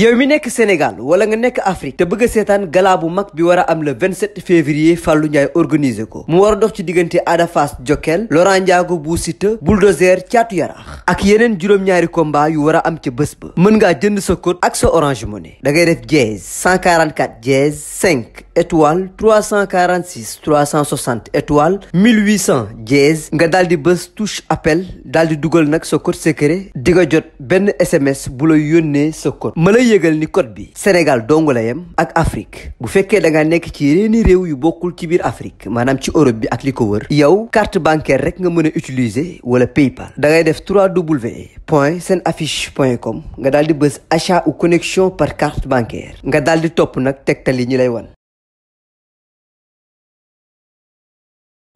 yow mi nekk Sénégal wala nga nekk Afrique te bëgg a seetaan galaa bu mag bi war a am le 27 février Fallou Ndiaye organisé ko mu war dox ci diggante Ada Fass Jokkel Laurent Ndiago Bou Siteu Bulldozer Caatu Yaraax ak yeneen juróom-ñaari combat yu war a am ca bés ba mën ngaa jënd sa code ak sa Orange Money da ngay def dièse 144 dièse 5 étoile 346 360 étoile 1800 dièse nga daal di bés touche appel dal di dugal nag sa code secret di nga jot benn SMS bu la yónnee sa code lay yëgal ni code bi Sénégal dong ak Afrique bu fekkee da nga nekk ci yeneeni réew yu bokkul ci biir Afrique maanaam ci Europe bi ak li ko wër yow carte bancaire rek nga mën a utiliser wala Paypal da ngay def 3W point seen affiche point com nga daal di bës achat ou connexion par carte bancaire nga daal di topp nag tegtal yi ñu lay wan.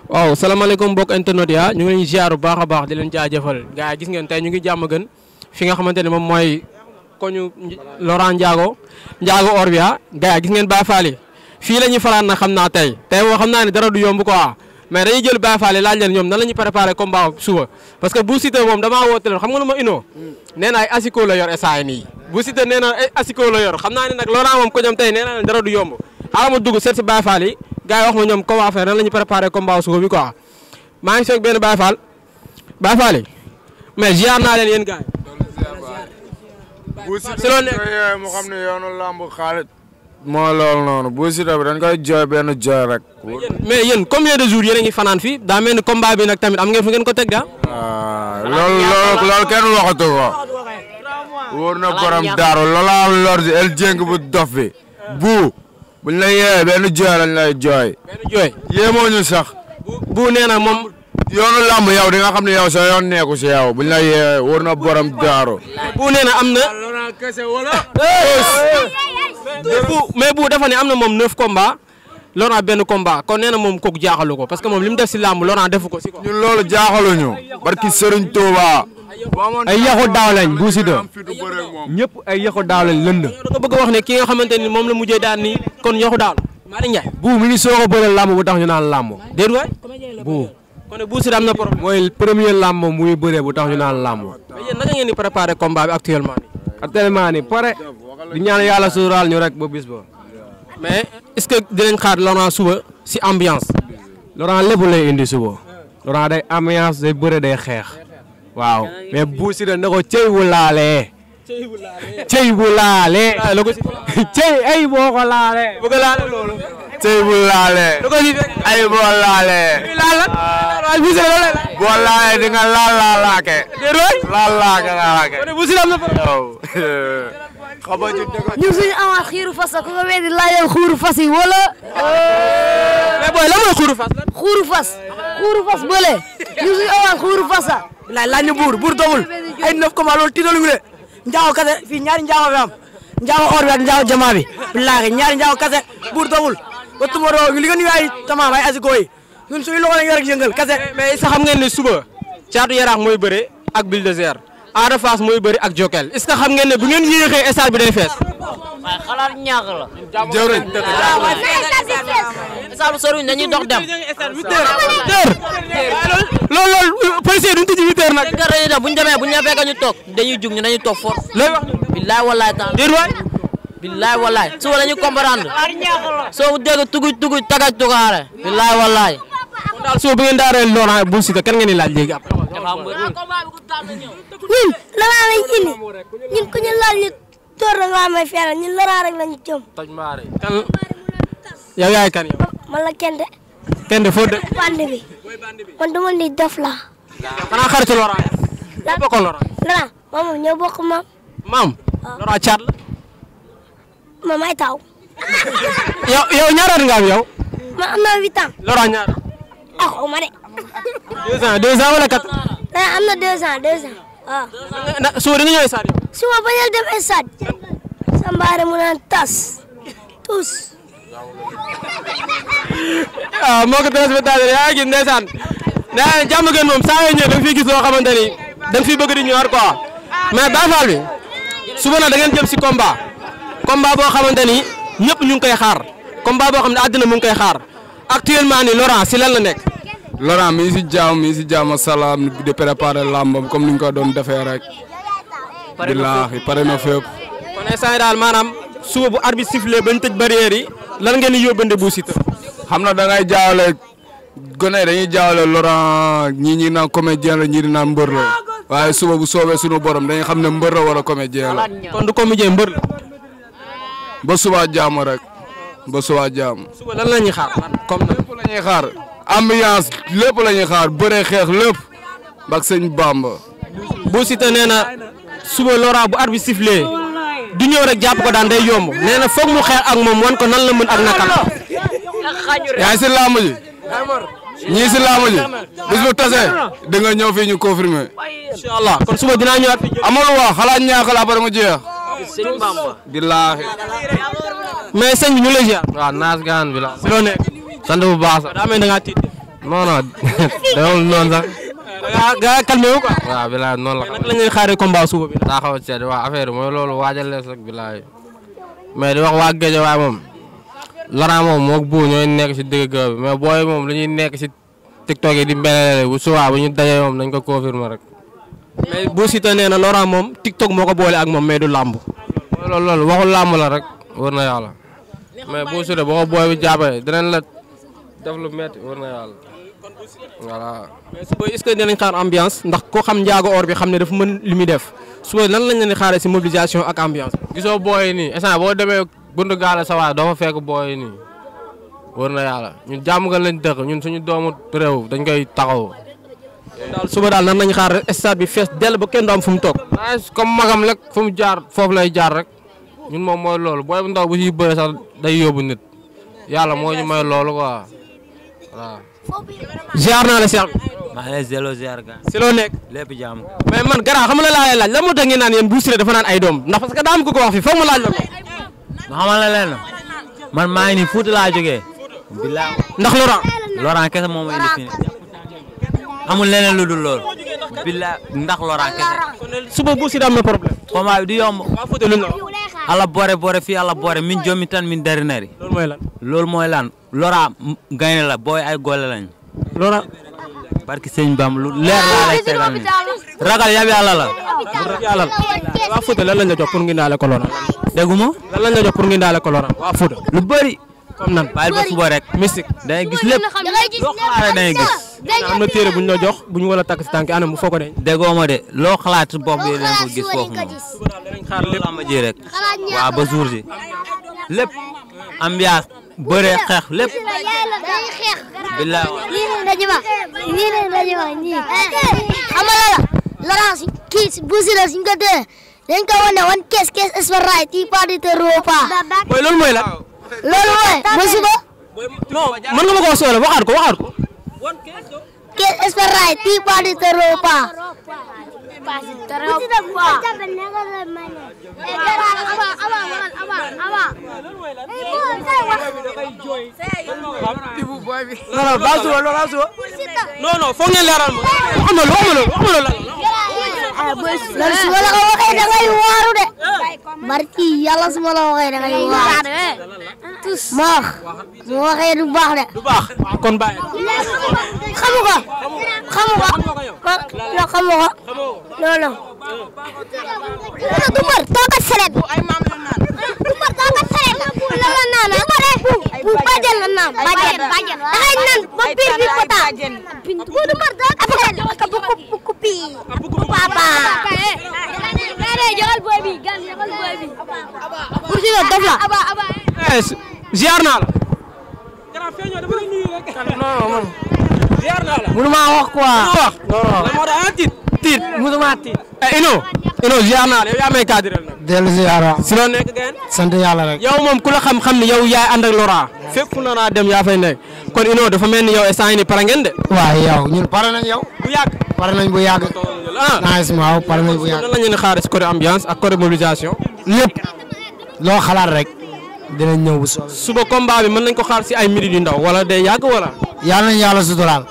waaw salaamaaleykum mbokk internet ya ñu ngi leen ziar bu a baax di gën fi nga xamante moom mooy koñu Laurent Ndiago Ndiago Orbia gars gis ngeen Baye Fall yi fii la ñuy faraan nag xam naa tey tey boo xam naa ne dara du yomb quoi mais dañuy jël Baye Fall yi la ñuy préparé combat suba parce ma inoo na la yor essay nii bu Siteu na ay asiko la yor xam naa ne nag Laurent moom seet si Baye Fall yi wax ma ñoom comment faire nan la ñuy préparé combat suba bi quoi maa ngi soog benn Baye Fall Baye Fall mais ziar naa leen yéen gars bu Siteu yooyu mu xam ne yoonu làmb xaalis. moo loolu noonu bu Siteu bi dañ koy jooy benn jooy rek. mais yéen combien de jours yéen a ngi fanaan fii daa mel ni combat bi nag tamit am ngeen fu ngeen ko teg ah. loolu loolu loolu na borom daaru loolaa lor di el jéng bu dof bi. bu na la yeewee benn jooy lañ lay jooy. benn jooy yéemoo ñu bu bu nee yoonu làmb yow di xam ne yow sa yoon neeku si yow buñ la yee wóor na borom jaaro. bu nee am na. mais bu dafa ne am na moom neuf combats Laurent benn combat kon nee na moom kooku jaaxalu ko parce que moom li mu def si làmb Laurent def ko si ko. ñun loolu jaaxaluñu. barki Serigne Touba. ay yaxu daaw lañ bu si dee ñëpp ay yaxu daaw lañ lënd. da bëgg wax ne ki nga xamante ni moom la mujjee daan nii kon bu mi ngi soog a bëre bu tax ñu naan làmb. déedéet waay bu. kon nag Bou Siteu am na problème. mooy premier làmb moom muy bëree bu tax ñu naan làmb. mais yéen naka ngeen di préparé combat bi actuellement nii. actuellement nii pare di ñaan yàlla sóoraal ñu rek ba bis mais est-ce que dinañ a Laurent suba si ambiance. Laurent lépp lay indi suba. a day ambiance day bëre day xeex. waaw mais Bou Siteu na ko laalee. cey bu laalee. cey ay boo ko laalee. bëgg laale loolu. tey bu laale. ay boo laale. Ah. boo laale di nga laal laalaake. laal laalaake. xam nga ñun suñu avance xiiru fas la ku ko weddi laajal xuuru fas yi wala. mais booy la mooy xuuru fas. xuuru fas xuuru fas bële ñun suñu avance xuuru fas la. bilaay laaj ñu buur buur dogul ay neuf comment loolu tiitaluñu de njaaw kase fii ñaari njaaw fi am njaaw or bi ak njaaw jamaa bi bilaay ñaari njaaw kase buur dogul. atumadoo li ngeen yaay tamam ay asikoy ñun suñu loxo lañ yor ak yëngal kase mais sax xam ngeen ne suba caatu yaraax mooy bëre ak bulldozer Ada Fass mooy ak Jokel est-ce que xam ngeen ne bu ngeen yéexee stade bi day fees. waaye xalaat ñaax la. jërëjëf jërëjëf soriwul dañuy dox dem. loolu loolu policier duñ tijji huit heures bu ñu demee bu ñu toog dañuy jug ñu dañuy toog force. lay billaay wallaay suba la ñu comprendre soo dégg tuguj tuguj tagaj tugaare billaay wallaay kon daal suba bi ngeen daareel Laurent Bou Siteu kan ngeen di laaj léegi après ñun Laurent lañ indi ñun ku ñu laal ñu door na nga may fere ñun Laurent rek lañ jëm toj maare kan yow yaay kan yow man la kende kende foo dëkk band bi man dama ni dof la xanaa xaritu Laurent bokk Laurent Laurent moom ñoo bokk maam maam Laurent caat la man maay taw. yow yow ñaaraat nga am yow. man am na huit ans. Ah, de. Ah, am na deux ans suba dina ñëw suba bañ a dem stade. Sambaare mu naan tas tous. ah moo ko téléspectateur yaa ngi gis ndeysaan nee jàmm gën moom saa yoo ñëwee da gis loo xamante ni da nga fiy bëgg di ñëwaat quoi mais Baye Fall bi suba nag da ngeen jëm si combat. combat boo xamante ni ñëpp ñu ngi koy xaar combat boo xam ne àddina mu ngi koy xaar actuellement ni Laurent si lan la nekk. Laurent mi ngi si jàmm mi ngi si jàmm salaam di préparer làmbam comme ni ñu ko doon defee rek. pare na fépp pare na fépp. kon instant daal maanaam suba bu arbitre sifflé bañ tëj barrière yi lan ngeen di yóbbante bu Siteu. xam na da ngay jaawale gone dañuy jaawale Laurent ñii ñi naan comédien la ñii di naan mbër la waaye suba bu soobee sunu borom dañu xam ne mbër la wala comédien la. ba suba jàmm rek ba suba lan la ñuy xaar comme lépp la ñuy xaar ambiance lépp la ñuy xaar bëree xeex lépp bak sëñ Bamba. bu Siteu nee na suba lora bu arbitre bi sifflé du ñëw rek jàpp ko daan day yomb nee na foog mu xeex ak moom wan ko nan la mën nakam yaa ngi si ñii si làmb bu tasee da nga ñëw fii ñu confirmer. incha allah kon suba amul wax xalaat ñaaxal après mu sëñ Bamba. billaahi. mais sëñ bi ñu lay naas gaan bi la. bu baax sax. daa mel da ngaa tiit. non non dayoo sax. gaa gaa calmé billaahi noonu la. mais naka billaahi mais di wax waa waaye moom. Laurent moom moog bu ñooy nekk si digg bi mais booy moom li ñuy nekk si TikTok yi mbelele bu subaa ñu dajee moom nañ ko confirmer rek. mais boo Siteu nee na Laurent moom TikTok moo ko boole ak moom mais du làmb. loolu loolu waxul làmb la rek war na yàlla mais bu Siteu boo ko booy bi jàppee dinañ la def lu metti war na yàlla voilà. mais suba est-ce xaar ambiance ndax ko xam njaago or bi xam ne dafa mën lu muy def suba nan lañ leen di xaaree si mobilisation ak ambiance. gisoo booy yi nii instant boo demee buntu gaale sa waay doo fa fekk booy nii war na yàlla ñu jàmm nga lañ dëkk ñun suñu doomu réew dañ koy taxaw. daal suba daal na nañ xaar stade bi fees dell ba kenn du fu mu toog. comme magam rek fu mu jaar foofu lay jaar rek ñun moom mooy loolu booy bu ndaw bu siy bëree sax day moo ñu may loolu quoi naa la Cheikh. maa ngi lay loo nekk. lépp jàmm. mais man gara xam nga laa lay laaj la naan yéen Bou Siteu dafa naan ay doom ndax parce que daa am ku ko wax fi foog ma laaj la man maa ngi nii Fouta laa ndax Laurent. amul leneen lu dul loolu. billa ndax Laurent suba bu si daan na problème. combat bi du yomb. waa Fouta luñ la ala boore boore fii ala boore min joomi tan min dari nari. loolu mooy lan. loolu mooy la booy ay gole lañ. Laurent. barki sëñ Bam lu leer laa lay tegal ragal yab yàlla la. yàlla la waa Fouta lan lañ la ngi ndaale ko Laurent. déggu ma. lan lañ la ngi ndaale ko Laurent lu bëri. comme nan bàyyil ba suba rek. mystique da ngay gis lépp am na téere bu ñu la jox bu ñu war a takk si tànk anam foo ko denc. déggoo ma de loo xalaat si bopp bi leen ko gis foofu noonu. xaar lépp am ji rek. waaw ba jour ji lépp ambiance bëree xeex lépp. bilaay. nii nii dañuy wax nii nii dañuy wax nii. xam nga lala la kii bu si la suñ ko dee dañ ko wane wan kees kees espérance yi pas du terreau pas. mooy loolu mooy la. loolu mooy ba suba. non mën nga ma ko wax soo waxaat ko waxaat ko. ¿Quién es Ferrari? Ti pasi terlupa. Pasi terlupa. non non baasu loolu baasu non non foog ngeen leeral ma wax ma loolu wax ma loolu lan su ma la ko waxee da ngay waaru de barki yàlla su ma la waxee da ngay waaru ma wax su ma waxee du baax de du baax kon bàyyi xamu ko. xamu ko non xamu ko non non. du mbër toogal sareet. du mbër toogal sareet la. la naan ah bu bàjjen la naan bàjjen. dafay naan ba biir bi ko taa. bu du mbër toogal sareet. ak bu bu ku bii. papa. joxal booy bi gan joxal booy bi. pour si la def la. ziar naa la. wax quoi. non non non moo tax ah, tiit. tiit musuma tiit. Ino. Eh, Ino ziar naa la yow yaa may cadrel nag. dellu ziar waaw. loo nekk rek. yow moom mel ni yow instant yii nii pare ngeen de. waaw yow bu yàgg pare nañ bu yàgg. ah nice waaw pare nañ ak côté mobilisation. lépp loo rek. dinañ ñëw bu soobee. suba combat bi mën nañ ko xaar si ay minutes yu ndaw wala day yàgg wala. yàlla nañ yàlla suturaal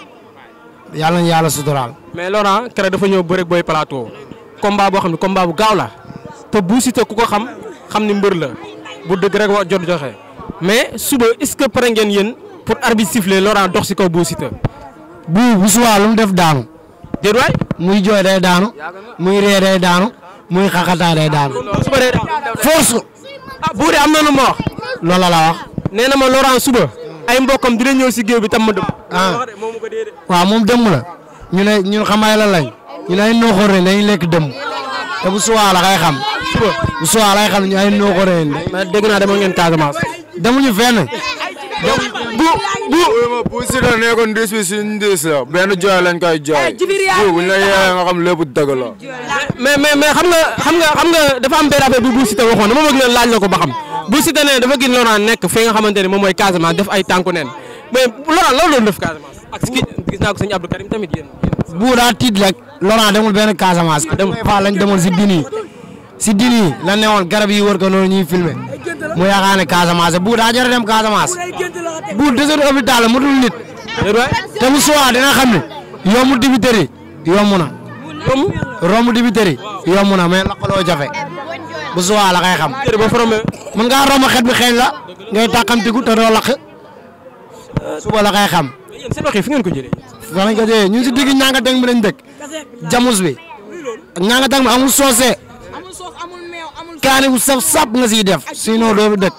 yàlla na yàlla suturaal. mais Laurent keroog dafa ñëw bëre Boy Plateau. combat boo xam ne combat bu gaaw la. te bu Siteu ku ko xam xam ni mbër la bu dëgg rek wax jot joxe mais suba est-ce que pare ngeen yéen pour arbitre siffler Laurent dox si kaw bu Siteu. bu bu subaa lu mu def daanu. déet waay muy jooy day daanu muy ree day daanu muy xaxataa day daanu. suba day daanu force. ah bu dee am na lu ma wax. loola la wax. nee na ma suba. ay mbokkam dina ñëw si géew bi tam ma dëpp. ah waaw moom dëmm la ñu ne ñun xamaay la lañ ñu ne ay nooxoor lañ dañuy lekk dëmm te bu suwaa la kay xam suba bu suwaa lay xam ñu ay nooxoor lañ mais dégg naa demoon ngeen Casamance demuñu fenn bu bu bu si la nekkoon diis bi suñ diis la benn jooy lañ koy jooy eh, bu buñ la yeewee nga xam lépp dëgg la. mais mais mais xam nga xam nga xam nga dafa am benn affaire bu Bou Siteu waxoon dama bëgg leen laaj la ko ba xam Bou Siteu ne dafa gën loo naan nekk fi nga xamante ne moom mooy Casamance def ay tànku neen mais Laurent lan la doon def Casamance. ak gis naa ko sëñ Abdou Karim tamit yéen. daa tiit rek Laurent demul benn Casamance. demul fa lañ demoon si dini si dini la newoon garab yi wër ko noonu ñuy filmer mu yaakaar ne Casamance bu daa jar dem Casamance bu desul hôpital la mu dul nit. te bu suwaa dina xam ne yomb dibiteri yomb na. yomb romb dibiteri yomb na mais laqaloo jafe bu suwaa la kay xam. mën ngaa romb xet bi xeeñ la ngay tàqamtiku te doo laq. suba la koy xam. yéen seen wax yi fu ngeen ko jëlee. fu ngeen ko jëlee ñu ngi si digg ñaanga deng bi lañ dëkk. jamus bi. ak ñaanga deng bi amul soose. kaani bu saf sap nga siy def. sinon doo fi dëkk.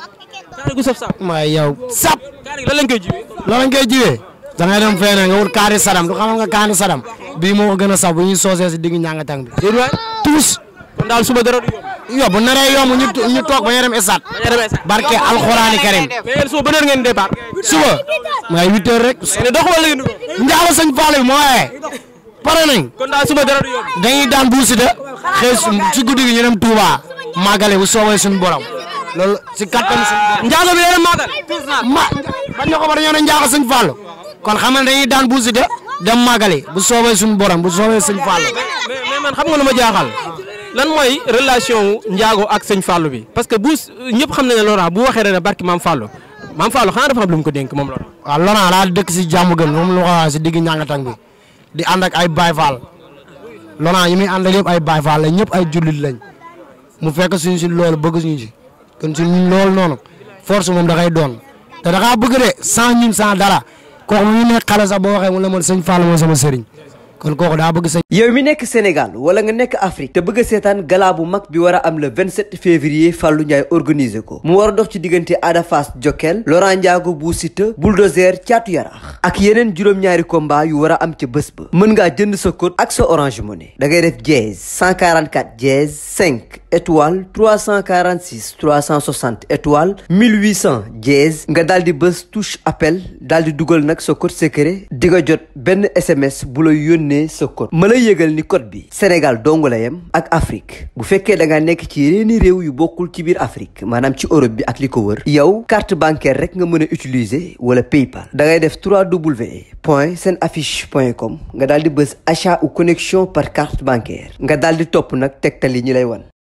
kaani bu saf sap. waaye yow sap. kaani lan lañ koy jiwee. lan lañ koy jiwee. da ngay dem feneen nga wut kaani sadam du xamal nga kaani sadam bii moo gën a saf bu ñuy soosee si digg ñaanga deng bi. déedéet waay tous. kon daal suba dara du yomb. yow bu naree yomb ñu ñu toog ba ñu dem stade. barke alxuraani karim. mais suba ban heure ngeen suba. waaye huit rek. njaalo sëñ Fall bi moo waaye. pare nañ. kon daal suba dara du yomb. daan buusi de. xëy si guddi gi ñu dem Touba. màggale bu soobee suñ borom. loolu si kattan suñu. njaalo bi yéen a màggal. ma bañ na ko ba dañoo ne njaalo sëñ Fall. kon xam nga dañuy daan buusi de. dem màggale bu soobee suñu borom bu soobee suñu Fall. mais man xam nga lu ma jaaxal. lan mooy relation Ndiago ak sëñ Fallou bi parce que bu ñëpp xam nañ ne Laurent bu waxee ne barki maam Fallou maam Fallou xanaa dafa am lu ko dénk moom Laurent. waaw Laurent laa si jàmm gën moom lu ko si digg ñàngatang bi di ànd ak ay Baye Fall Laurent yi muy àndal ay Baye Fall lañ ñëpp ay jullit lañ mu fekk suñ si loolu bëgg suñu si kon loolu noonu force moom da koy doon te da kaa bëgg de sans ñun sans dara kooku mu nekk xale sax boo waxee mu la man sëñ Fallou mooy sama sëriñ. kon kooku daa bëgg sa yow mi nekk Sénégal wala nga nekk Afrique te bëgg seetaan gala bu mag bi war a am le 27 février Fallou Ndiaye organisé ko mu war a dox ci diggante Ada Fass Jokkel Laurent Ndiago Bou Siteu Bulldozer Thiatou Yaraax ak yeneen juróom-ñaari combat yu war a am ca bés ba mën ngaa jënd sa code ak sa Orange Money da ngay def dièse 144 dièse 5 étoile 346 360 étoile 1800 dièse nga daal di bés touche appel dal di dugal nag sa code secret diga jot benn SMS bu la yónnee yónnee sa code ma lay yëgal ni code bi Sénégal dong la yem ak Afrique bu fekkee da nga nekk ci yeneeni réew yu bokkul ci biir Afrique maanaam ci Europe bi ak li ko wër yow carte bancaire rek nga mën a utiliser wala PayPal da ngay def 3W point seen affiche point comme nga daal di bës achat ou connexion par carte bancaire nga daal di topp nag tegtal yi ñu lay wan